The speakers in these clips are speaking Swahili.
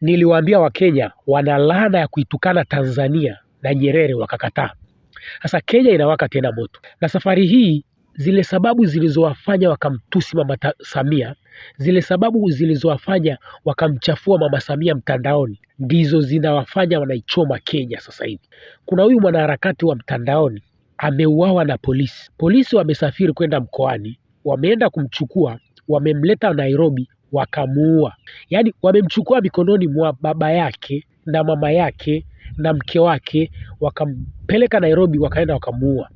niliwaambia Wakenya wana laana ya kuitukana Tanzania na Nyerere wakakataa. Sasa Kenya inawaka tena moto, na safari hii zile sababu zilizowafanya wakamtusi Mama Samia, zile sababu zilizowafanya wakamchafua Mama Samia mtandaoni ndizo zinawafanya wanaichoma Kenya sasa hivi. Kuna huyu mwanaharakati wa mtandaoni ameuawa na polisi. Polisi wamesafiri kwenda mkoani, wameenda kumchukua, wamemleta Nairobi, wakamuua. Yaani wamemchukua mikononi mwa baba yake na mama yake na mke wake wakampeleka Nairobi wakaenda wakamuua.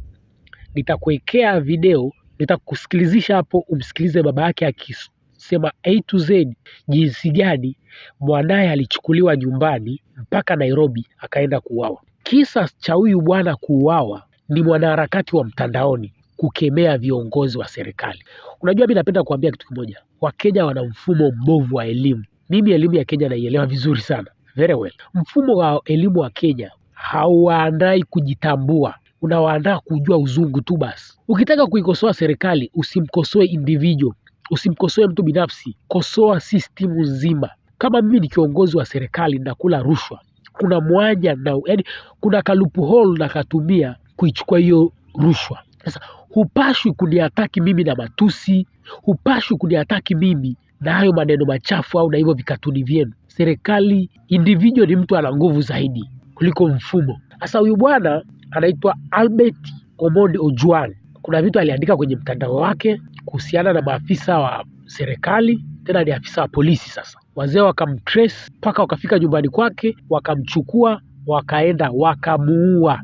Nitakuwekea video, nitakusikilizisha hapo umsikilize baba yake akisema A to Z jinsi gani mwanaye alichukuliwa nyumbani mpaka Nairobi akaenda kuuawa. Kisa cha huyu bwana kuuawa ni mwanaharakati wa mtandaoni kukemea viongozi wa serikali. Unajua mi napenda kuambia kitu kimoja, Wakenya wana mfumo mbovu wa elimu. Mimi elimu ya Kenya naielewa vizuri sana, very well. Mfumo wa elimu wa Kenya hauwaandai kujitambua, unawaandaa kujua uzungu tu basi. Ukitaka kuikosoa serikali, usimkosoe individual, usimkosoe mtu binafsi, kosoa system nzima. Kama mimi ni kiongozi wa serikali nakula rushwa, kuna mwanya na, yaani kuna kalupu hole nakatumia kuichukua hiyo rushwa. Sasa hupashwi kuniataki mimi na matusi, hupashwi kuniataki mimi na hayo maneno machafu au na hivyo vikatuni vyenu. Serikali, individual ni mtu ana nguvu zaidi kuliko mfumo. Sasa huyu bwana anaitwa Albert Omondi Ojuang. Kuna vitu aliandika kwenye mtandao wake kuhusiana na maafisa wa serikali, tena ni afisa wa polisi. Sasa wazee wakamtrace mpaka wakafika nyumbani kwake, wakamchukua, wakaenda wakamuua,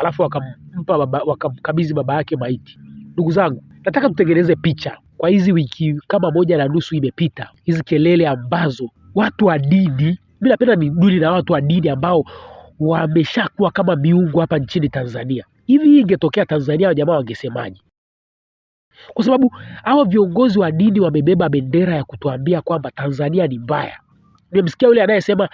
alafu wakamu mpa baba, wakamkabidhi baba yake maiti. Ndugu zangu, nataka tutengeneze picha kwa hizi wiki kama moja na nusu imepita, hizi kelele ambazo watu wa dini, mi napenda ni duli na watu wa dini ambao wameshakuwa kama miungu hapa nchini Tanzania. Hivi hii ingetokea Tanzania wajamaa wangesemaje? Kwa sababu hawa viongozi wa dini wamebeba bendera ya kutuambia kwamba Tanzania ni mbaya. Nimemsikia yule anayesema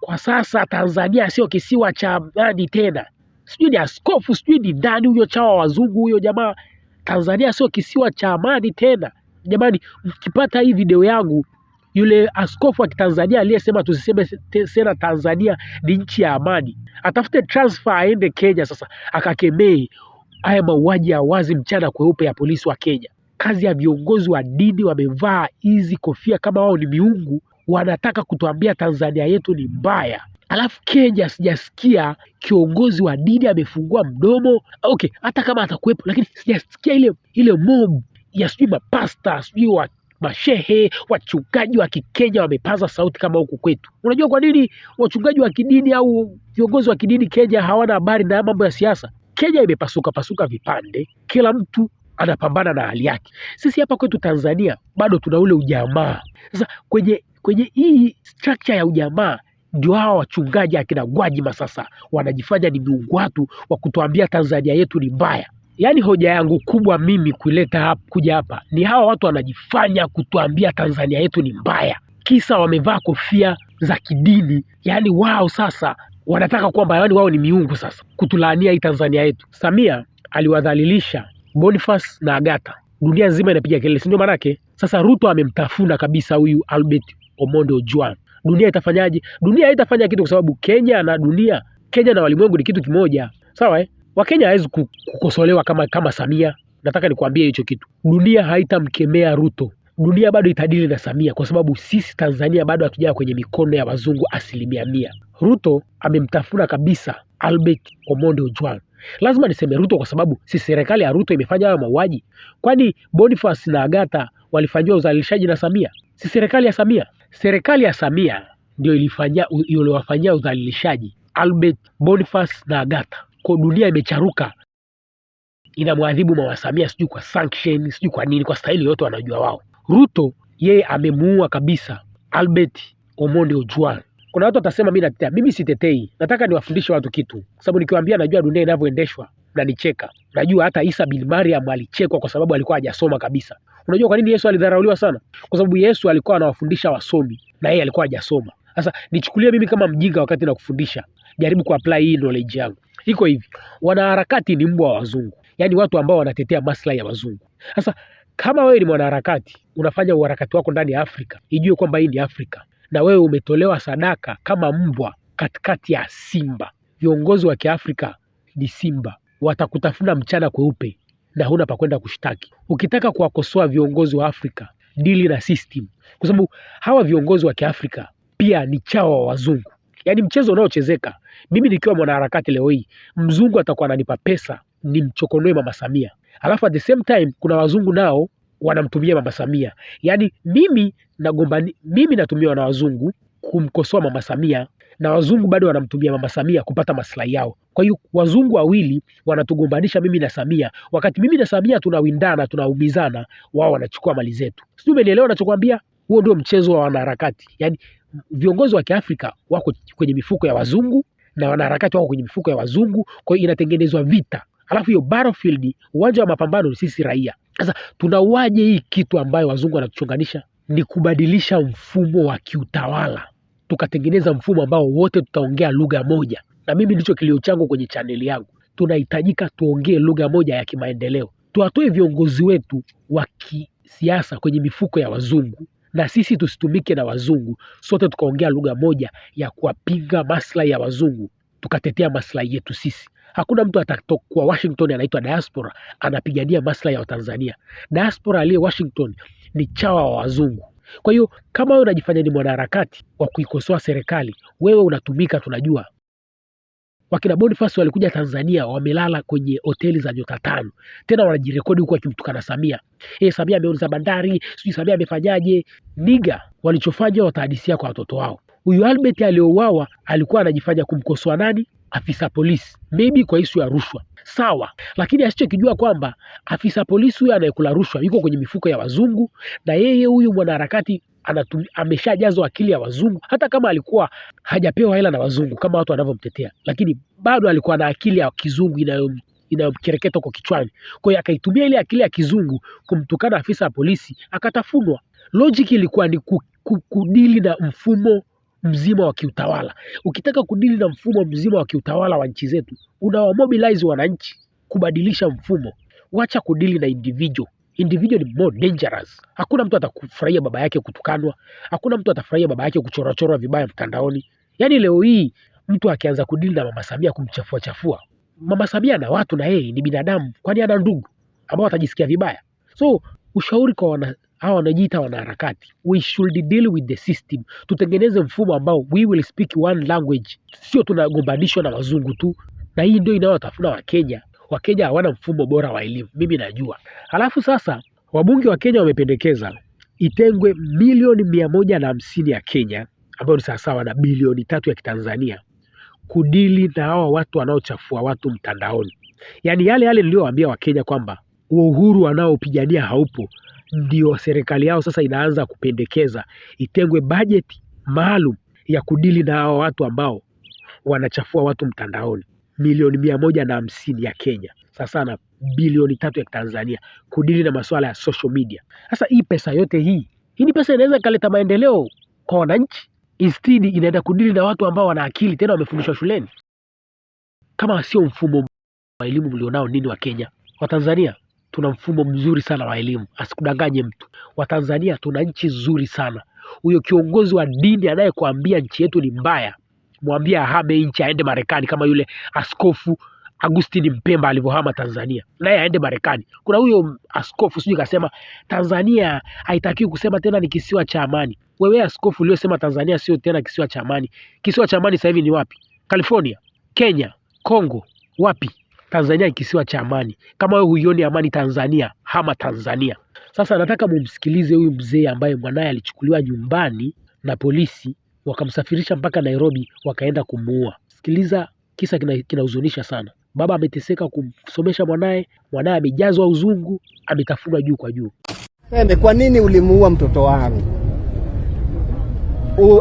kwa sasa Tanzania sio kisiwa cha amani tena, sijui ni askofu, sijui ni nani huyo chawa wazungu huyo jamaa. Tanzania sio kisiwa cha amani tena jamani. Mkipata hii video yangu, yule askofu wa Kitanzania aliyesema tusiseme sera Tanzania ni nchi ya amani, atafute transfer aende Kenya sasa akakemee haya mauaji ya wazi mchana kweupe ya polisi wa Kenya. Kazi ya viongozi wa dini, wamevaa hizi kofia kama wao ni miungu, wanataka kutuambia Tanzania yetu ni mbaya. Alafu Keja sijasikia kiongozi wa dini amefungua mdomo. Okay, hata kama atakuwepo, lakini sijasikia ile ile mob ya sijui mapasta sijui wa mashehe wachungaji wa Kikenya wamepaza sauti kama huku kwetu. Unajua kwa nini wachungaji wa kidini au viongozi wa kidini Kenya hawana habari na mambo ya siasa? Kenya imepasuka pasuka vipande, kila mtu anapambana na hali yake. Sisi hapa kwetu Tanzania bado tuna ule ujamaa. Sasa kwenye kwenye hii structure ya ujamaa ndio hawa wachungaji akina Gwajima sasa wanajifanya ni miungu watu wa kutuambia Tanzania yetu ni mbaya. Yaani hoja yangu kubwa mimi kuleta hapa, kuja hapa ni hawa watu wanajifanya kutuambia Tanzania yetu ni mbaya, kisa wamevaa kofia za kidini. Yaani wao sasa wanataka kwamba yaani wao ni miungu sasa kutulaania hii Tanzania yetu. Samia aliwadhalilisha Boniface na Agata, dunia nzima inapiga kelele, si ndio? Maanake sasa Ruto amemtafuna kabisa huyu Albert Omondo Ojwang dunia itafanyaje? Dunia haitafanya kitu, kwa sababu Kenya na dunia, Kenya na walimwengu ni kitu kimoja, sawa eh? Wakenya hawezi kukosolewa kama kama Samia. Nataka nikwambie hicho kitu, dunia haitamkemea Ruto. Dunia bado itadili na Samia kwa sababu sisi Tanzania bado hatujaa kwenye mikono ya wazungu asilimia mia. Ruto amemtafuna kabisa Albert Omondi Ojwang. Lazima niseme Ruto kwa sababu si serikali ya Ruto imefanya hayo mauaji? Kwani Boniface na Agata walifanyiwa uzalishaji na Samia? Si serikali ya Samia? Serikali ya Samia ndio iliwafanyia udhalilishaji Albert, Boniface na Agatha. Kwa dunia imecharuka, inamwadhibu mama Samia, sijui kwa sanction, sijui kwa nini, kwa staili yote wanajua wao. Ruto yeye amemuua kabisa Albert Omondi Ojwang. Kuna watu watasema mimi natetea. Mimi sitetei, nataka niwafundishe watu kitu, kwa sababu nikiwaambia najua dunia inavyoendeshwa mnanicheka. Najua hata Isa bin Mariam alichekwa kwa sababu alikuwa hajasoma kabisa. Unajua kwa nini Yesu alidharauliwa sana? Kwa sababu Yesu alikuwa anawafundisha wasomi na yeye alikuwa hajasoma. Sasa nichukulie mimi kama mjinga wakati nakufundisha, jaribu kuapply hii knowledge yangu. Iko hivi, wanaharakati ni mbwa wa wazungu, yaani watu ambao wanatetea maslahi ya wazungu. Sasa kama wewe ni mwanaharakati unafanya uharakati wako ndani ya Afrika, ijue kwamba hii ni Afrika na wewe umetolewa sadaka kama mbwa katikati ya simba. Viongozi wa Kiafrika ni simba, watakutafuna mchana kweupe na huna pa kwenda kushtaki. Ukitaka kuwakosoa viongozi wa Afrika, dili na system, kwa sababu hawa viongozi wa Kiafrika pia ni chawa wa wazungu. Yaani mchezo unaochezeka, mimi nikiwa mwanaharakati leo hii, mzungu atakuwa ananipa pesa mchokonoe mama Samia, alafu at the same time kuna wazungu nao wanamtumia mama Samia. Yaani mimi nagombani, mimi natumiwa na wazungu kumkosoa mama Samia na wazungu bado wanamtumia mama Samia kupata maslahi yao. Kwa hiyo wazungu wawili wanatugombanisha mimi na Samia, wakati mimi na Samia tunawindana, tunaumizana, wao wanachukua mali zetu. Sijui umenielewa nachokwambia? Huo ndio mchezo wa wanaharakati, yaani viongozi wa Kiafrika wako kwenye mifuko ya wazungu na wanaharakati wako kwenye mifuko ya wazungu. Kwa hiyo inatengenezwa vita, alafu hiyo battlefield, uwanja wa mapambano ni sisi raia. Sasa tunauaje hii kitu ambayo wazungu wanatuchonganisha? Ni kubadilisha mfumo wa kiutawala tukatengeneza mfumo ambao wote tutaongea lugha moja, na mimi ndicho kilio changu kwenye chaneli yangu. Tunahitajika tuongee lugha moja ya kimaendeleo, tuwatoe viongozi wetu wa kisiasa kwenye mifuko ya wazungu na sisi tusitumike na wazungu, sote tukaongea lugha moja ya kuwapinga maslahi ya wazungu, tukatetea maslahi yetu sisi. Hakuna mtu atakuwa Washington anaitwa diaspora anapigania maslahi ya Watanzania. Diaspora aliye Washington ni chawa wa wazungu. Kwa hiyo kama wewe unajifanya ni mwanaharakati wa kuikosoa serikali, wewe unatumika tunajua. Wakina Boniface walikuja Tanzania wamelala kwenye hoteli za nyota tano. Tena wanajirekodi huku wakimtukana Samia. Eh, Samia ameuza bandari, sijui Samia amefanyaje. Niga walichofanya watahadisia kwa watoto wao. Huyu Albert aliyouawa alikuwa anajifanya kumkosoa nani? afisa polisi, maybe kwa isu ya rushwa, sawa. Lakini asichokijua kwamba afisa polisi huyo anayekula rushwa yuko kwenye mifuko ya wazungu, na yeye huyu mwanaharakati ameshajazwa akili ya wazungu. Hata kama alikuwa hajapewa hela na wazungu kama watu wanavyomtetea, lakini bado alikuwa na akili ya kizungu inayom inayomkereketa kwa kichwani. Kwa hiyo akaitumia ile akili ya kizungu kumtukana afisa wa polisi akatafunwa. Logic ilikuwa ni kudili na mfumo mzima wa kiutawala. Ukitaka kudili na mfumo mzima wa kiutawala wa nchi zetu, unawamobilize wananchi kubadilisha mfumo. Wacha kudili na individual. Individual ni more dangerous. Hakuna mtu atakufurahia baba yake kutukanwa, hakuna mtu atafurahia baba yake kuchorochorwa vibaya mtandaoni. Yaani leo hii mtu akianza kudili na mama Samia kumchafua chafua, mama Samia na watu na yeye ni binadamu, kwani ana ndugu ambao watajisikia vibaya. So ushauri kwa wana hawa wanajiita wanaharakati. We should deal with the system. Tutengeneze mfumo ambao we will speak one language, sio tunagombanishwa na wazungu tu, na hii ndio inayotafuna Wakenya. Wakenya hawana mfumo bora wa elimu, mimi najua. Halafu sasa wabunge wa Kenya wamependekeza itengwe milioni mia moja na hamsini ya Kenya ambayo ni sawasawa na bilioni tatu ya Kitanzania kudili na hawa watu wanaochafua watu mtandaoni, yaani yale yale niliyowaambia Wakenya kwamba uhuru wanaopigania haupo, ndio serikali yao sasa inaanza kupendekeza itengwe bajeti maalum ya kudili na hao watu ambao wanachafua watu mtandaoni milioni mia moja na hamsini ya Kenya sasa na bilioni tatu ya Tanzania kudili na masuala ya social media. Sasa hii pesa yote hii hii ni pesa inaweza ikaleta maendeleo kwa wananchi, instead inaenda kudili na watu ambao wana akili tena wamefundishwa shuleni. Kama sio mfumo wa elimu mlionao nini wa Kenya wa Tanzania tuna mfumo mzuri sana wa elimu, asikudanganye mtu. Watanzania tuna nchi nzuri sana. Huyo kiongozi wa dini anayekuambia nchi yetu ni mbaya, mwambie ahame nchi, aende Marekani, kama yule askofu Agustini Mpemba alivyohama Tanzania, naye aende Marekani. Kuna huyo askofu sijui kasema Tanzania haitakiwi kusema tena ni kisiwa cha amani. Wewe askofu uliosema Tanzania sio tena kisiwa cha amani, kisiwa cha amani sasa hivi ni wapi? California, Kenya, Congo, wapi? Tanzania ni kisiwa cha amani. Kama wewe huioni amani Tanzania, hama Tanzania. Sasa nataka mumsikilize huyu mzee ambaye mwanaye alichukuliwa nyumbani na polisi wakamsafirisha mpaka Nairobi wakaenda kumuua. Sikiliza kisa kinahuzunisha kina sana. Baba ameteseka kumsomesha mwanaye, mwanaye amejazwa uzungu, ametafunwa juu kwa juu. Pembe, kwa nini ulimuua mtoto wangu?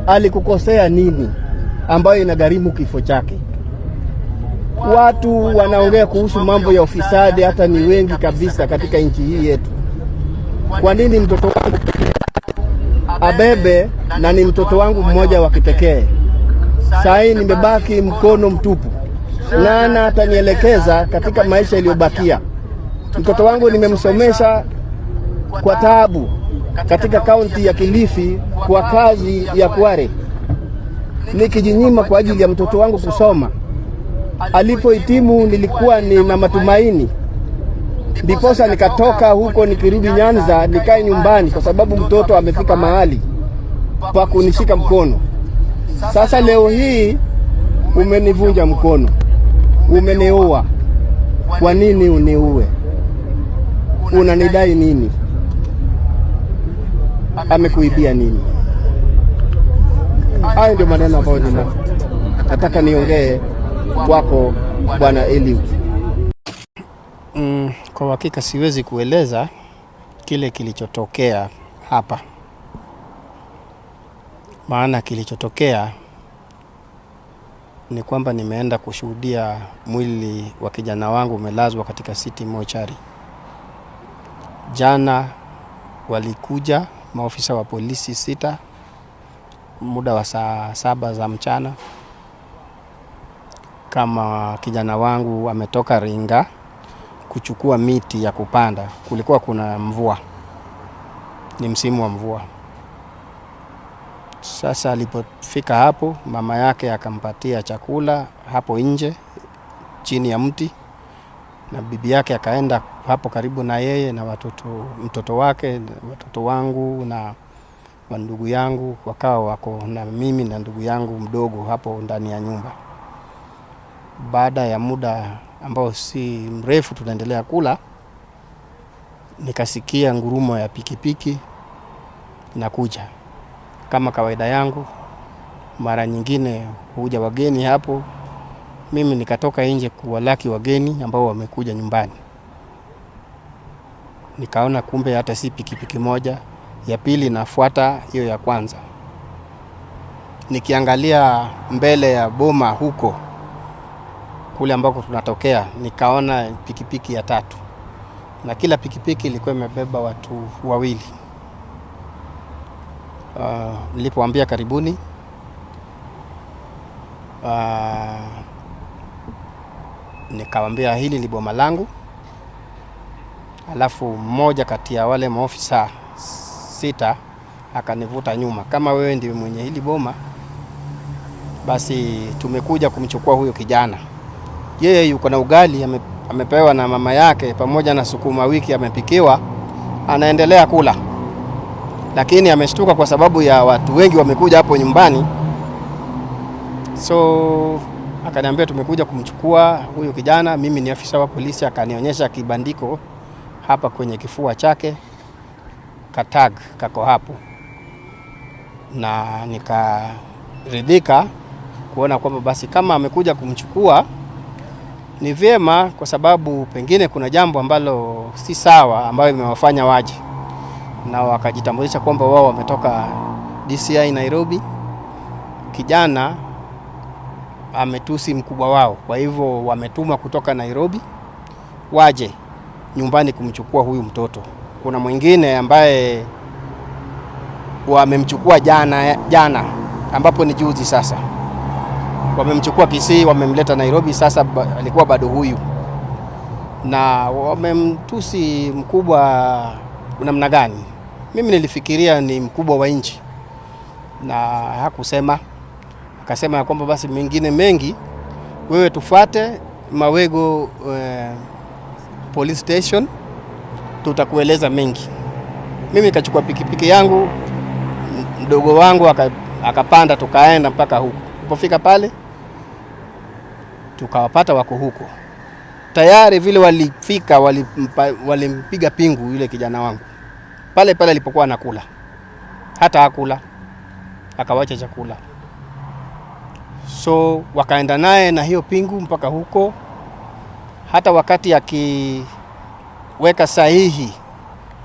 Alikukosea nini ambayo inagharimu kifo chake? watu wanaongea kuhusu mambo ya ufisadi, hata ni wengi kabisa katika nchi hii yetu. Kwa nini mtoto wangu abebe, na ni mtoto wangu mmoja wa kipekee? Saa hii nimebaki mkono mtupu, nana atanielekeza katika maisha iliyobakia. Mtoto wangu nimemsomesha kwa taabu katika kaunti ya Kilifi kwa kazi ya Kware, nikijinyima kwa ajili ya mtoto wangu kusoma alipohitimu nilikuwa nina matumaini, ndiposa nikatoka huko, nikirudi Nyanza nikae nyumbani, kwa sababu mtoto amefika mahali pa kunishika mkono. Sasa leo hii umenivunja mkono, umeniua. Kwa nini uniue? Unanidai nini? Amekuibia nini? Hayo ndio maneno ambayo nina nataka niongee kwako Bwana Eliud? Mm, kwa hakika siwezi kueleza kile kilichotokea hapa, maana kilichotokea ni kwamba nimeenda kushuhudia mwili wa kijana wangu umelazwa katika City Mochari. Jana walikuja maofisa wa polisi sita muda wa saa saba za mchana kama kijana wangu ametoka Ringa kuchukua miti ya kupanda. Kulikuwa kuna mvua, ni msimu wa mvua. Sasa alipofika hapo, mama yake akampatia chakula hapo nje chini ya mti, na bibi yake akaenda hapo karibu na yeye na watoto, mtoto wake, watoto wangu na ndugu yangu, wakawa wako na mimi na ndugu yangu mdogo hapo ndani ya nyumba baada ya muda ambao si mrefu tunaendelea kula, nikasikia ngurumo ya pikipiki inakuja kama kawaida yangu. Mara nyingine huja wageni hapo, mimi nikatoka nje kuwalaki wageni ambao wamekuja nyumbani. Nikaona kumbe hata si pikipiki moja, ya pili nafuata hiyo ya kwanza. Nikiangalia mbele ya boma huko kule ambako tunatokea nikaona pikipiki ya tatu, na kila pikipiki ilikuwa imebeba watu wawili. Ah, Nilipoambia uh, karibuni uh, ah, nikawambia hili ni boma langu, alafu mmoja kati ya wale maofisa sita akanivuta nyuma, kama wewe ndiye mwenye hili boma, basi tumekuja kumchukua huyo kijana yeye yuko na ugali ame, amepewa na mama yake pamoja na sukuma wiki amepikiwa, anaendelea kula, lakini ameshtuka kwa sababu ya watu wengi wamekuja hapo nyumbani. So akaniambia tumekuja kumchukua huyu kijana. Mimi ni afisa wa polisi, akanionyesha kibandiko hapa kwenye kifua chake, katag kako hapo, na nikaridhika kuona kwamba basi kama amekuja kumchukua ni vyema kwa sababu pengine kuna jambo ambalo si sawa ambayo imewafanya waje na wakajitambulisha kwamba wao wametoka DCI Nairobi. Kijana ametusi mkubwa wao, kwa hivyo wametumwa kutoka Nairobi waje nyumbani kumchukua huyu mtoto. Kuna mwingine ambaye wamemchukua jana jana, ambapo ni juzi sasa. Wamemchukua Kisii, wamemleta Nairobi, sasa alikuwa bado huyu, na wamemtusi mkubwa namna gani? Mimi nilifikiria ni mkubwa wa nchi, na hakusema akasema ya kwamba basi mengine mengi wewe tufate Mawego eh, police station tutakueleza mengi. Mimi nikachukua pikipiki yangu, mdogo wangu akapanda, tukaenda mpaka huko. Tulipofika pale tukawapata wako huko tayari, vile walifika walimpiga pingu yule kijana wangu pale pale alipokuwa anakula, hata akula akawacha chakula, so wakaenda naye na hiyo pingu mpaka huko. Hata wakati akiweka sahihi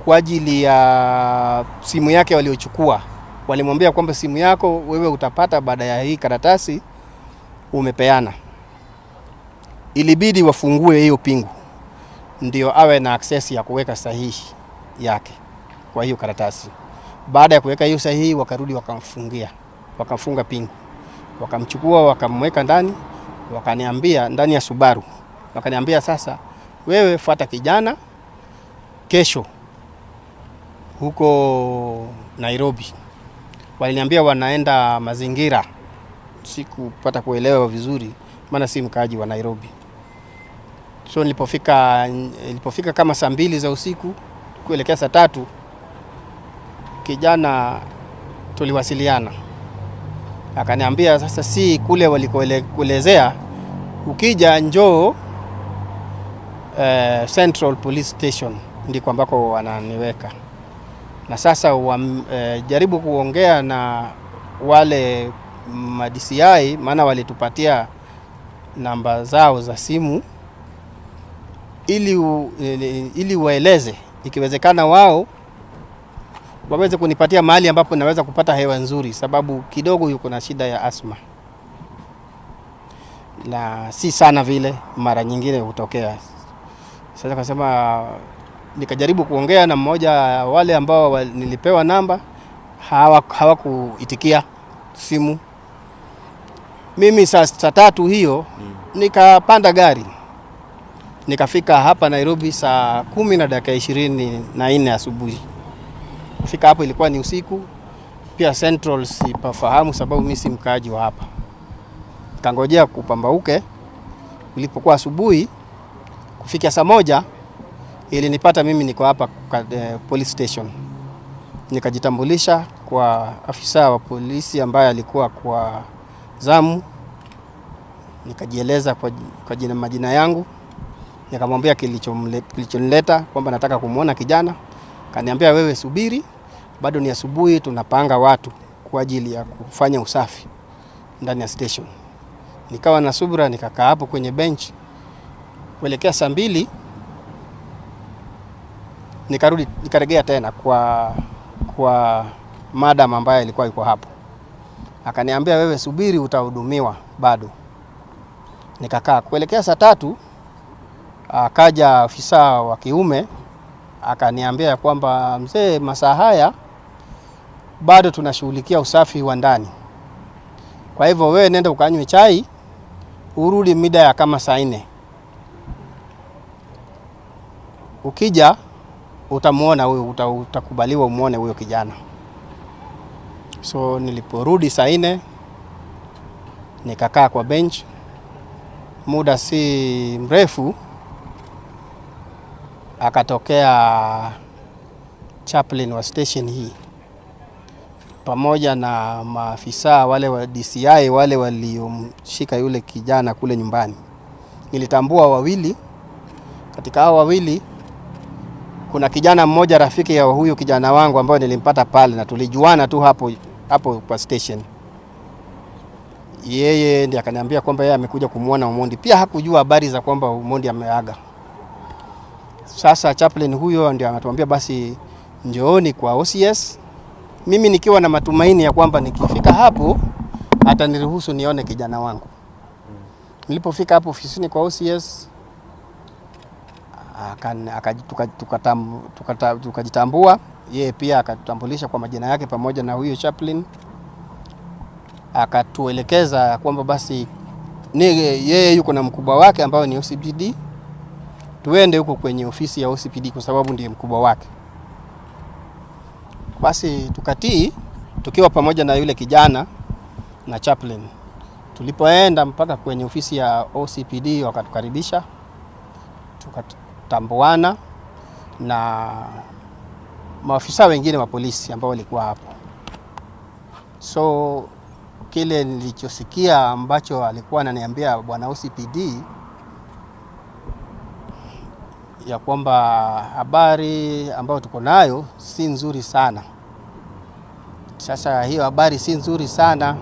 kwa ajili ya simu yake waliochukua walimwambia kwamba simu yako wewe utapata baada ya hii karatasi umepeana. Ilibidi wafungue hiyo pingu ndio awe na access ya kuweka sahihi yake kwa hiyo karatasi. Baada ya kuweka hiyo sahihi, wakarudi wakamfungia, wakafunga pingu, wakamchukua, wakamweka ndani, wakaniambia ndani ya Subaru, wakaniambia sasa, wewe fuata kijana kesho huko Nairobi waliniambia wanaenda mazingira, sikupata kuelewa vizuri, maana si mkaaji wa Nairobi. So nilipofika nilipofika kama saa mbili za usiku kuelekea saa tatu, kijana tuliwasiliana, akaniambia sasa, si kule walikoelezea, ukija njoo eh, Central Police Station ndiko ambako wananiweka na sasa wajaribu eh, e, kuongea na wale madci, maana walitupatia namba zao za simu ili, ili waeleze ikiwezekana wao waweze kunipatia mahali ambapo naweza kupata hewa nzuri, sababu kidogo yuko na shida ya asma na si sana vile, mara nyingine hutokea. Sasa kasema nikajaribu kuongea na mmoja wale ambao nilipewa namba, hawakuitikia hawa simu. Mimi saa tatu hiyo mm. nikapanda gari nikafika hapa Nairobi saa kumi na dakika ishirini na nne asubuhi. Kufika hapo ilikuwa ni usiku pia. Central sipafahamu sababu mimi si mkaaji wa hapa, kangojea kupambauke. ulipokuwa asubuhi kufikia saa moja Ilinipata mimi niko hapa eh, police station, nikajitambulisha kwa afisa wa polisi ambaye alikuwa kwa zamu, nikajieleza kwa, kwa jina majina yangu, nikamwambia kilichonileta kwamba nataka kumwona kijana. Kaniambia wewe subiri, bado ni asubuhi, tunapanga watu kwa ajili ya kufanya usafi ndani ya station. Nikawa na subira, nikakaa hapo kwenye bench kuelekea saa mbili nikarudi nikaregea tena kwa, kwa madam ambaye ilikuwa yuko hapo, akaniambia wewe subiri, utahudumiwa bado. Nikakaa kuelekea saa tatu, akaja afisa wa kiume akaniambia kwamba mzee, masaa haya bado tunashughulikia usafi wa ndani, kwa hivyo wewe nenda ukanywe chai, urudi mida ya kama saa nne ukija utamwona huyo, utakubaliwa umwone huyo kijana. So niliporudi saa nne nikakaa kwa bench, muda si mrefu akatokea chaplain wa station hii pamoja na maafisa wale wa DCI wale waliomshika yule kijana kule nyumbani. Nilitambua wawili katika hao wawili kuna kijana mmoja rafiki ya huyu kijana wangu ambaye nilimpata pale na tulijuana tu hapo hapo kwa station. Yeye ndiye akaniambia kwamba yeye amekuja kumuona Omondi, pia hakujua habari za kwamba Omondi ameaga. Sasa chaplain huyo ndiye anatuambia basi njooni kwa OCS, mimi nikiwa na matumaini ya kwamba nikifika hapo ataniruhusu nione kijana wangu. Nilipofika hapo ofisini kwa OCS tukajitambua yeye pia akatutambulisha kwa majina yake pamoja na huyo chaplain, akatuelekeza kwamba basi ni yeye yuko na mkubwa wake ambao ni OCPD, tuende huko kwenye ofisi ya OCPD kwa sababu ndiye mkubwa wake. Basi tukatii tukiwa pamoja na yule kijana na chaplain. Tulipoenda mpaka kwenye ofisi ya OCPD wakatukaribisha kutambuana na maafisa wengine wa polisi ambao walikuwa hapo. So kile nilichosikia ambacho alikuwa ananiambia bwana OCPD ya kwamba habari ambayo tuko nayo si nzuri sana. Sasa hiyo habari si nzuri sana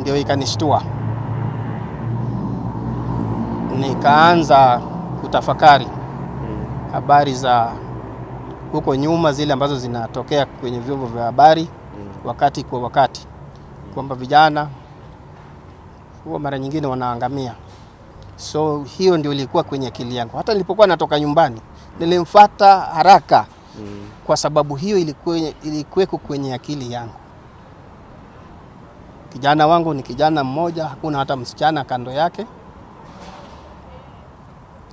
ndio ikanishtua, nikaanza kutafakari hmm. habari za huko nyuma zile ambazo zinatokea kwenye vyombo vya habari hmm. wakati kwa wakati kwamba vijana huwa mara nyingine wanaangamia. So hiyo ndio ilikuwa kwenye akili yangu, hata nilipokuwa natoka nyumbani nilimfata haraka mm. kwa sababu hiyo ilikuwa ilikuweko kwenye akili yangu. Kijana wangu ni kijana mmoja, hakuna hata msichana kando yake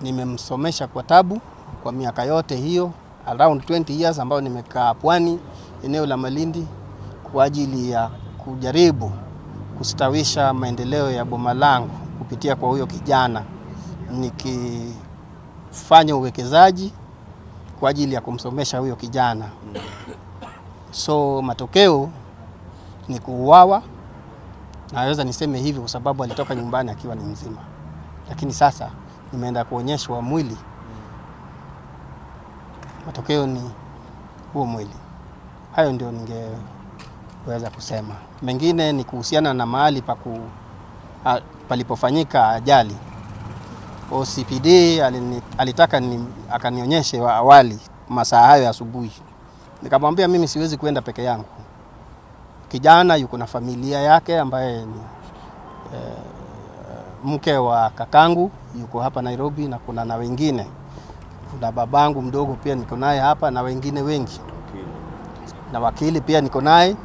nimemsomesha kwa tabu kwa miaka yote hiyo around 20 years ambayo nimekaa pwani eneo la Malindi kwa ajili ya kujaribu kustawisha maendeleo ya boma langu kupitia kwa huyo kijana, nikifanya uwekezaji kwa ajili ya kumsomesha huyo kijana. So matokeo ni kuuawa, naweza niseme hivi kwa sababu alitoka nyumbani akiwa ni mzima, lakini sasa nimeenda kuonyeshwa mwili, matokeo ni huo mwili. Hayo ndio ningeweza kusema. Mengine ni kuhusiana na mahali pa ah, palipofanyika ajali. OCPD alini, alitaka ni, akanionyeshe awali masaa hayo asubuhi. Nikamwambia mimi siwezi kwenda peke yangu, kijana yuko na familia yake ambaye ni eh, mke wa kakangu yuko hapa Nairobi, na kuna na wengine, kuna babangu mdogo pia niko naye hapa na wengine wengi, na wakili pia niko naye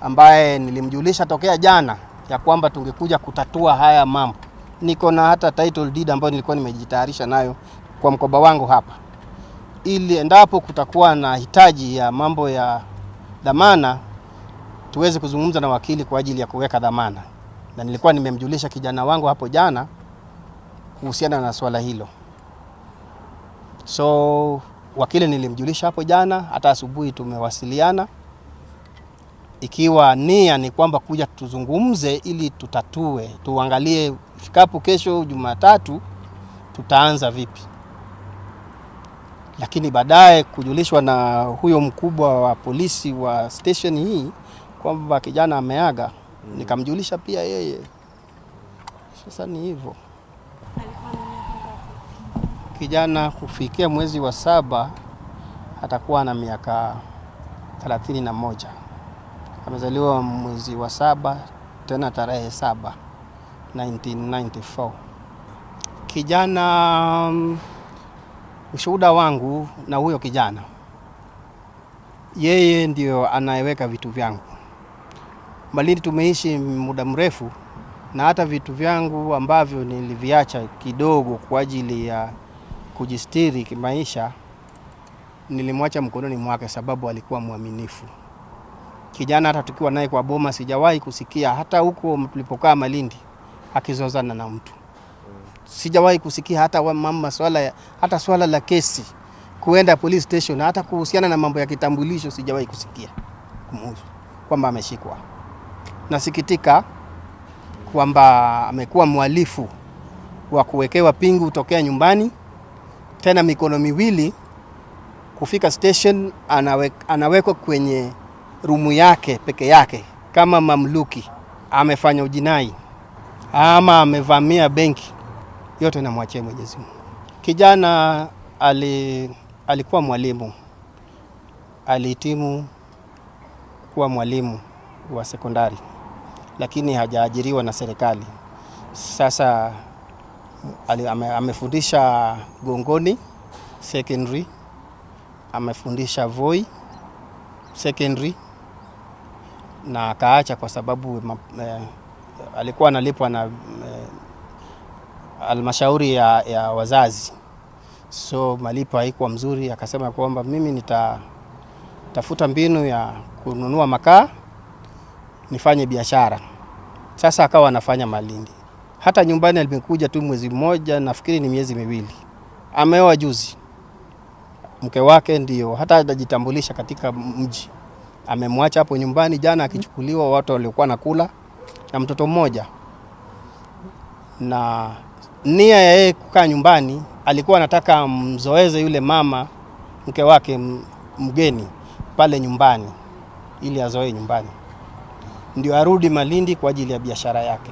ambaye nilimjulisha tokea jana ya kwamba tungekuja kutatua haya mambo. Niko na hata title deed ambayo nilikuwa nimejitayarisha nayo kwa mkoba wangu hapa, ili endapo kutakuwa na hitaji ya mambo ya dhamana tuweze kuzungumza na wakili kwa ajili ya kuweka dhamana na nilikuwa nimemjulisha kijana wangu hapo jana kuhusiana na swala hilo. So wakili nilimjulisha hapo jana, hata asubuhi tumewasiliana, ikiwa nia ni kwamba kuja tuzungumze ili tutatue, tuangalie ifikapo kesho Jumatatu tutaanza vipi. Lakini baadaye kujulishwa na huyo mkubwa wa polisi wa station hii kwamba kijana ameaga. Mm. nikamjulisha pia yeye. Sasa ni hivyo kijana kufikia mwezi wa saba atakuwa na miaka thelathini na moja. Amezaliwa mwezi wa saba tena tarehe saba 1994. Kijana, mm, ushuhuda wangu na huyo kijana, yeye ndio anayeweka vitu vyangu. Malindi tumeishi muda mrefu, na hata vitu vyangu ambavyo niliviacha kidogo kwa ajili ya kujistiri kimaisha nilimwacha mkononi mwake, sababu alikuwa mwaminifu kijana. Hata tukiwa naye kwa boma, sijawahi kusikia hata huko tulipokaa Malindi akizozana na mtu, sijawahi kusikia hata mama swala, hata swala la kesi kuenda police station, hata kuhusiana na mambo ya kitambulisho sijawahi kusikia kumuhusu kwamba ameshikwa. Nasikitika kwamba amekuwa mhalifu wa kuwekewa pingu tokea nyumbani, tena mikono miwili. Kufika station anawe, anawekwa kwenye rumu yake peke yake kama mamluki. Amefanya ujinai ama amevamia benki, yote namwachia Mwenyezi Mungu. Kijana ali, alikuwa mwalimu, alihitimu kuwa mwalimu wa sekondari lakini hajaajiriwa na serikali. Sasa amefundisha Gongoni secondary, amefundisha Voi secondary na akaacha kwa sababu eh, alikuwa analipwa na eh, almashauri ya, ya wazazi, so malipo haikuwa mzuri. Akasema kwamba mimi nitatafuta mbinu ya kununua makaa nifanye biashara. Sasa akawa anafanya Malindi. Hata nyumbani alimekuja tu mwezi mmoja, nafikiri ni miezi miwili. Ameoa juzi, mke wake ndio hata hajajitambulisha katika mji, amemwacha hapo nyumbani. Jana akichukuliwa watu waliokuwa nakula na mtoto mmoja, na nia ya yeye kukaa nyumbani, alikuwa anataka mzoeze yule mama mke wake mgeni pale nyumbani, ili azoee nyumbani ndio arudi Malindi kwa ajili ya biashara yake.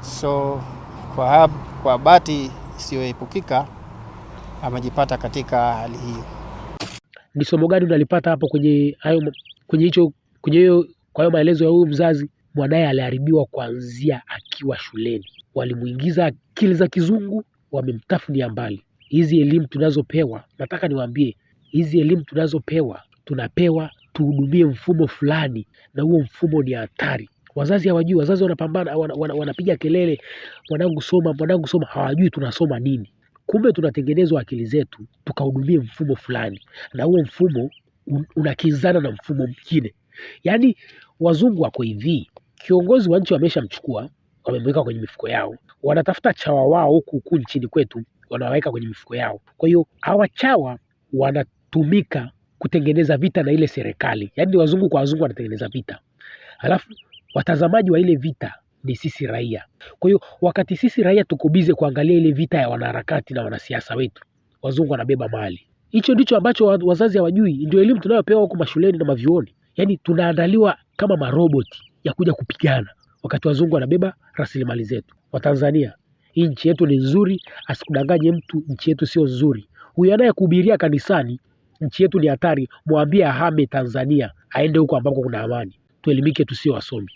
So kwa, kwa bahati isiyoepukika amejipata katika hali hiyo. Ni somo gani unalipata hapo kwenye hayo kwenye hicho kwenye hiyo kwa hiyo maelezo ya huyu mzazi mwanaye aliharibiwa kuanzia akiwa shuleni, walimuingiza akili za kizungu, wamemtafunia mbali. Hizi elimu tunazopewa, nataka niwaambie, hizi elimu tunazopewa tunapewa tuhudumie mfumo fulani na huo mfumo ni hatari. Wazazi hawajui, wazazi wanapambana, wanapiga kelele, mwanangu soma, mwanangu soma, hawajui tunasoma nini. Kumbe tunatengenezwa akili zetu tukahudumie mfumo fulani na huo mfumo unakinzana na mfumo mwingine. Yaani wazungu wako hivi, kiongozi wa nchi wameshamchukua, wamemweka kwenye mifuko yao. Wanatafuta chawa wao huku huku nchini kwetu, wanawaweka kwenye mifuko yao. Kwa hiyo hawa chawa wanatumika kutengeneza vita na ile serikali, yaani wazungu kwa wazungu wanatengeneza vita, alafu watazamaji wa ile vita ni sisi raia. Kwa hiyo wakati sisi raia tukubize kuangalia ile vita ya wanaharakati na wanasiasa wetu, wazungu wanabeba mali. Hicho ndicho ambacho wazazi hawajui, ndio elimu tunayopewa huko mashuleni na mavioni. Yaani tunaandaliwa kama maroboti ya kuja kupigana, wakati wazungu wanabeba rasilimali zetu. Watanzania, hii nchi yetu ni nzuri, asikudanganye mtu, nchi yetu sio nzuri. Huyu anayekuhubiria kanisani nchi yetu ni hatari, mwambie ahame Tanzania aende huko ambako kuna amani. Tuelimike, tusio wasomi.